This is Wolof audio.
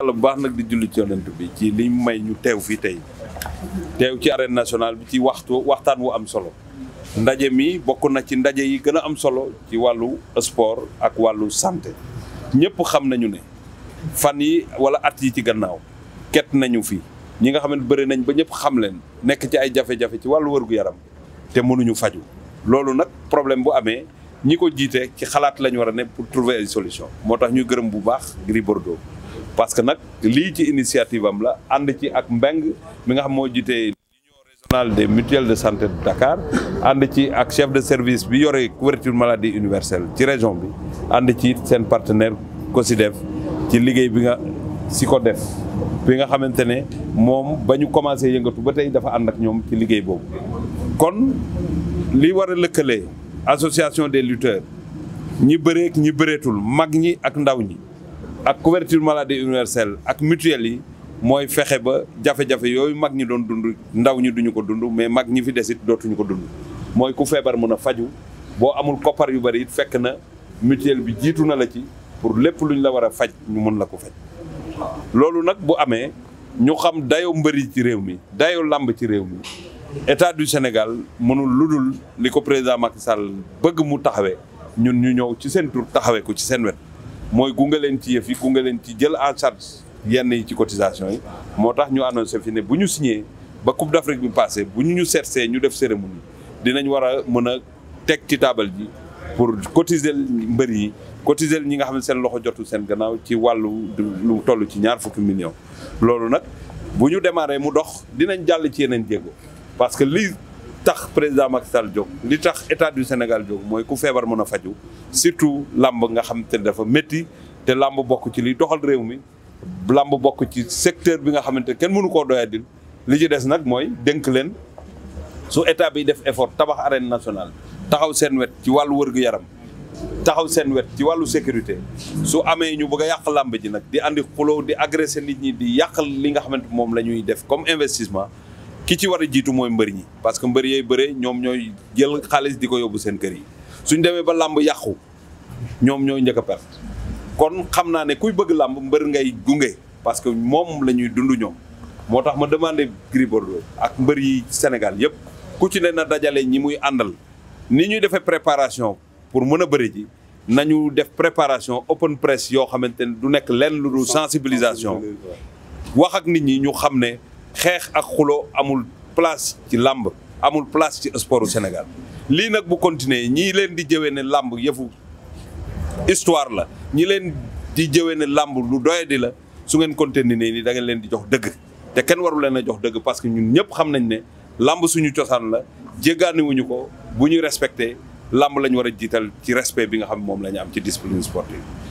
yàlla bu baax nag di julli ci yonent bi ci liñ may ñu teew fii tey teew ci arène nationale bi ci waxtu waxtaan wu am solo ndaje mi bokk na ci ndaje yi gën a am solo ci wàllu sport ak wàllu santé ñëpp xam nañu ne fan yi wala at yi ci gannaaw ket nañu fi ñi nga xam ne bëri nañ ba ñëpp xam leen nekk ci ay jafe-jafe ci wàllu wërgu-yaram te mënuñu faju loolu nag problème bu amee ñi ko jiitee ci xalaat lañ war a ne pour trouver ay solution moo tax ñu gërëm bu baax Gris parce que nag lii ci initiative am la ànd ci ak Mbeng mi nga xam moo jiite union régionale des mutuelles de santé de Dakar ànd ci ak chef de service bi yore couverture maladie universelle ci région bi ànd ci seen partenaire ko si COSIDEF ci liggéey bi nga si ko def bi nga xamante ne moom ba ñu commencé yëngatu ba tey dafa ànd ak ñoom ci liggéey boobu kon li war a lëkkale association des lutteurs ñi bëreek ñi bëreetul mag ñi ak ndaw ñi ak couverture maladie universelle ak mutuelle yi mooy fexe ba jafe-jafe yooyu mag ñi doon dund ndaw ñi duñu ko dund mais mag ñi fi desit dootuñu ko dund mooy ku feebar mën a faju boo amul koppar yu bari it fekk na mutuelle bi jiitu na la ci pour lépp luñ la war a faj ñu mën la ko faj loolu nag bu amee ñu xam dayo mbëri ci réew mi dayo làmb ci réew mi état du Sénégal mënul lu dul li ko président Macky Sall bëgg mu taxawee ñun ñu ñëw ci seen tur taxawee ko ci seen wet mooy gunge leen ci yëf yi gunge leen ci jël en charge yenn yi ci cotisation yi moo tax ñu annoncé fi ne bu ñu signé ba Coupe d'Afrique bi passé bu ñu ñu see ñu def cérémonie dinañ war a mën a teg ci taabal ji pour cotiser mbër yi cotiser ñi nga xam seen loxo jotu seen gannaaw ci wàllu lu toll ci ñaar fukki millions. loolu nag bu ñu démarré mu dox dinañ jàll ci yeneen jéego parce que lii tax président Macky Sall jóg li tax état du Sénégal jóg mooy ku feebar mën a faju surtout làmb nga xam te ne dafa métti te làmb bokk ci li doxal réew mi làmb bokk ci secteur bi nga xamante kenn mënu koo doyadil li ci des nag mooy dénk leen su état bi def effort tabax arène nationale taxaw seen wet ci wàllu wërgu-yaram taxaw seen wet ci wàllu sécurité su amee ñu bëgg a yàq làmb ji nag di andi xuloo di agressé nit ñi di yàq li nga xamant moom la ñuy def comme investissement ki ci war a jiitu mooy mbër ñi parce que mbër yay bëre ñoom ñooy jël xaalis di ko yóbbu seen kër yi suñ demee ba làmb yàqu ñoom ñooy njëkk a perte kon xam naa ne kuy bëgg làmb mbër ngay gunge parce que moom la ñuy dund ñoom moo tax ma demandé Gris ak mbër yi Sénégal yëpp ku ci ne a dajale ñi muy àndal ni ñuy defee préparation pour mën a bëri ji nañu def préparation open press yoo xamante ne du nekk lenn lu dul sensibilisation wax ak nit ñi ñu xam ne xeex ak xulo amul place ci làmb amul place ci sportu Sénégal lii nag bu continuer ñii leen di jëwee ne làmb yëfu histoire la ñii leen di jëwee ne làmb lu doye di la su ngeen continuer nii da ngeen leen di jox dëgg te kenn waru leen a jox dëgg parce que ñu ñëpp xam nañ ne làmb suñu cosaan la jéggaaniwuñu ko bu ñu respecté làmb lañu war a jiital ci respect bi nga xam moom la ñu am ci discipline sportive